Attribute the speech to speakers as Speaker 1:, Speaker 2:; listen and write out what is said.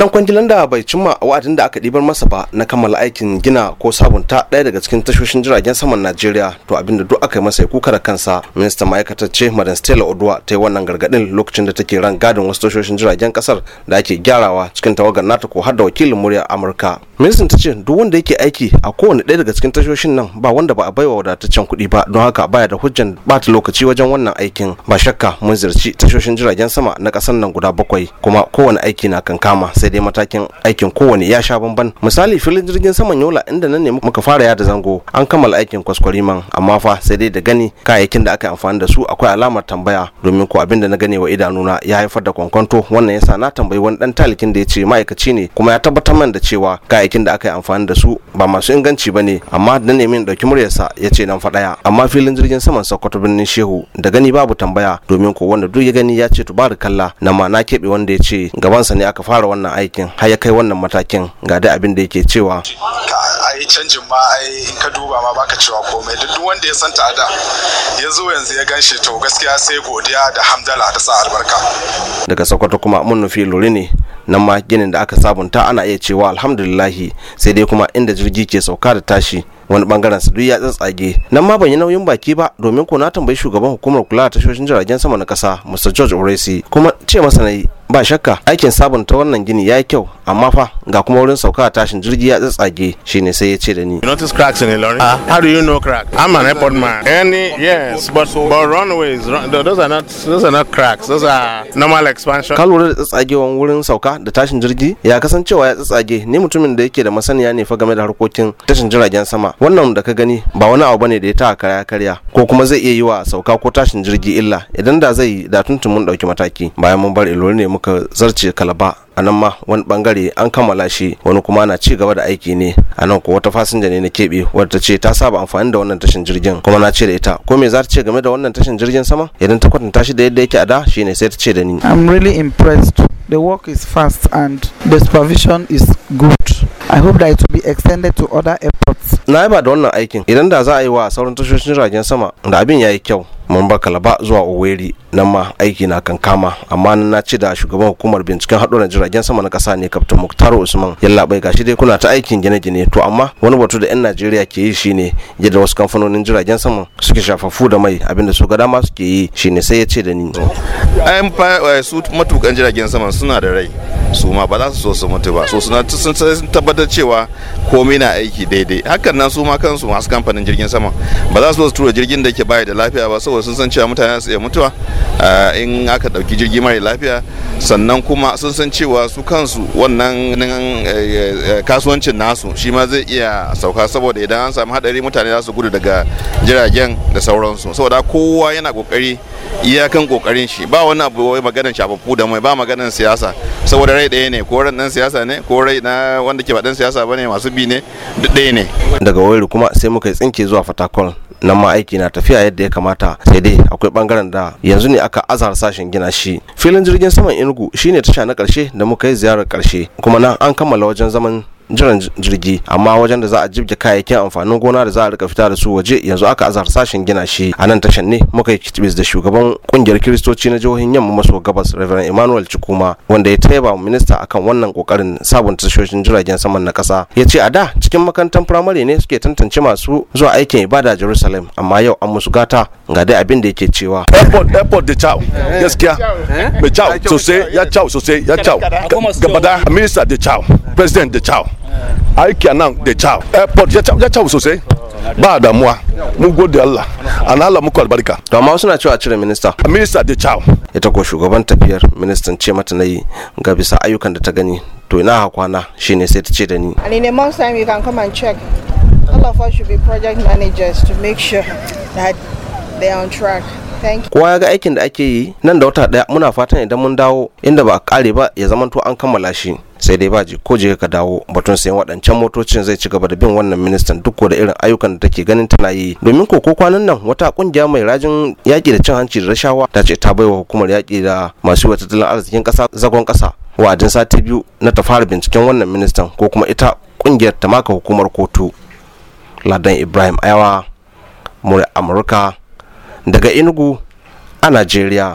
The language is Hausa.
Speaker 1: dan kwangilan da bai cimma wa'adin da aka ɗibar masa ba na kammala aikin gina ko sabunta ɗaya daga cikin tashoshin jiragen saman najeriya to abinda duk aka yi masa ya kuka da kansa minista ma'aikatar ce madan stella oduwa ta yi wannan gargaɗin lokacin da take ran gadin wasu tashoshin jiragen kasar da ake gyarawa cikin tawagar nata ko har da wakilin murya amurka ministan ta ce duk wanda yake aiki a kowane ɗaya daga cikin tashoshin nan ba wanda ba a baiwa wadataccen kuɗi ba don haka baya da hujjan bata lokaci wajen wannan aikin ba shakka mun zirci tashoshin jiragen sama na ƙasar nan guda bakwai kuma kowane aiki na kankama sai dai matakin aikin kowane ya sha bamban misali filin jirgin saman yola inda nan ne muka fara yada zango an kammala aikin kwaskwari man amma fa sai dai da gani kayayyakin da aka yi amfani da su akwai alamar tambaya domin ko abin da na gane wa idanuna ya haifar da kwankwanto wannan yasa na tambayi wani dan talikin da ya ce ma'aikaci ne kuma ya tabbatar man da cewa kayayyakin kayayyakin da aka yi amfani da su ba masu inganci ba ne amma da nemi in ɗauki muryarsa ya ce nan faɗaya amma filin jirgin saman sokoto birnin shehu da gani babu tambaya domin ko wanda duk ya gani ya ce kalla na ma na keɓe wanda ya ce gabansa ne aka fara wannan aikin har ya kai wannan matakin ga dai abin da yake cewa ai canjin ma ai in
Speaker 2: ka duba ma baka cewa komai duk wanda ya santa da ya zo yanzu ya to gaskiya sai godiya da hamdala da sa albarka
Speaker 1: daga sokoto kuma mun nufi lori ne nan ma ginin da aka sabunta ana iya cewa alhamdulillah tarihi sai dai kuma inda jirgi ke sauka da tashi wani bangaren su duk ya tsatsage nan ma ban yi nauyin baki ba domin ko na tambayi shugaban hukumar kula da tashoshin jiragen sama na kasa Mr George Oresi kuma ce masa nayi ba shakka aikin sabunta wannan gini ya yi kyau amma fa ga kuma wurin sauka tashin jirgi ya tsatsage shine sai ya ce da ni you notice cracks in the lorry uh, how
Speaker 2: do you know crack
Speaker 1: i'm an airport man
Speaker 2: any yes but but runways run, those are not those are not cracks those are normal expansion ka
Speaker 1: lura da tsatsagewan wurin sauka da tashin jirgi ya kasancewa ya tsatsage ni mutumin da yake da masaniya ne fa game da harkokin tashin jiragen sama wannan da ka gani ba wani abu bane da ya taka karya karya ko kuma zai iya yi wa sauka ko tashin jirgi illa idan da zai da tuntun mun dauki mataki bayan mun bar ilori ne muka zarce kalaba a nan ma wani bangare an kammala shi wani kuma na ci gaba da aiki ne a nan ko wata fasinja ne na keɓe wadda ce ta saba amfani da wannan tashin jirgin kuma na ce da ita ko me za ta ce game da wannan tashin jirgin sama idan ta kwatanta shi da yadda yake a da shi ne sai ta ce da ni i'm really impressed the work is fast and the supervision is good I hope that it will be extended to other airports. Na yaba da wannan aikin idan da za a yi wa sauran tashoshin jiragen sama da abin ya yi kyau. mun ba kalaba zuwa oweri nan ma aiki na kankama amma na ci da shugaban hukumar binciken haɗuwar jiragen sama na ƙasa ne kaftin muktaru usman yalla bai gashi dai kuna ta aikin gine-gine to amma wani batu da 'yan najeriya ke yi shine yadda wasu kamfanonin jiragen sama suke shafafu da mai abinda su ga dama suke yi shine sai
Speaker 2: ya ce da ni ayan eh, su matukan jiragen sama suna da rai su ma ba za su so su mutu ba so suna sun tabbatar cewa komai na aiki daidai hakan nan su ma kansu masu kamfanin jirgin sama ba za su so su tura jirgin da ke baya da lafiya ba saboda sun san cewa mutane su iya mutuwa in aka dauki jirgi mara lafiya sannan kuma sun san cewa su kansu wannan eh, eh, kasuwancin nasu shi ma zai iya sauka saboda idan an samu hadari mutane za su gudu daga jiragen da sauransu saboda kowa yana kokari iyakan kokarin shi ba wani abu wai maganar shafaffu da mai ba maganar siyasa saboda rai ɗaya ne ko ran ɗan siyasa ne ko rai na wanda ke ba ɗan siyasa ba ne masu bi ne duk ɗaya ne
Speaker 1: daga wayar kuma sai muka tsinke zuwa fatakol nan ma aiki na tafiya yadda ya kamata sai dai akwai bangaren da yanzu ne aka azar sashen gina shi filin jirgin saman inugu shine tasha na karshe da muka yi ziyarar karshe kuma nan an kammala wajen zaman jiran jirgi amma wajen da za a jibge kayayyakin amfanin gona da za a rika fita da su waje yanzu aka azar sashen gina shi a nan tashan ne muka yi kitbis da shugaban kungiyar kiristoci na jihohin yamma maso gabas reverend emmanuel chukuma wanda ya taiba minista akan wannan kokarin sabunta tashoshin jiragen saman na kasa ya ce a da cikin makarantar firamare ne suke tantance masu zuwa aikin ibada a jerusalem amma yau an musu gata ga dai abin da yake cewa airport airport
Speaker 2: da chow gaskiya mai eh? chow sosai ya chow sosai ya chow gabada minista da chow president da chow aiki a nan da chow airport ya chow sosai
Speaker 1: ba damuwa mu gode Allah an Allah muku albarka to amma suna cewa cire minista minista da chow ita ko shugaban tafiyar ministan ce mata nayi ga bisa ayyukan da ta gani to ina hakwana shine sai ta ce da ni and in a month time you can come and check all of us should be project managers to make sure that they are on track kowa ya ga aikin da ake yi nan da wata daya muna fatan idan mun dawo inda ba a kare ba ya zamanto an kammala shi sai dai baji ko je ka dawo batun sayan waɗancan motocin zai ci gaba da bin wannan ministan duk da irin ayyukan da take ganin tana yi domin ko ko kwanan nan wata kungiya mai rajin yaƙi da cin hanci da rashawa ta ce ta baiwa hukumar yaƙi da masu yi tattalin arzikin ƙasa zagon ƙasa wa'adin sati biyu na ta fara binciken wannan ministan ko kuma ita kungiyar ta maka hukumar kotu ladan ibrahim ayawa murya amurka daga Enugu a Najeriya.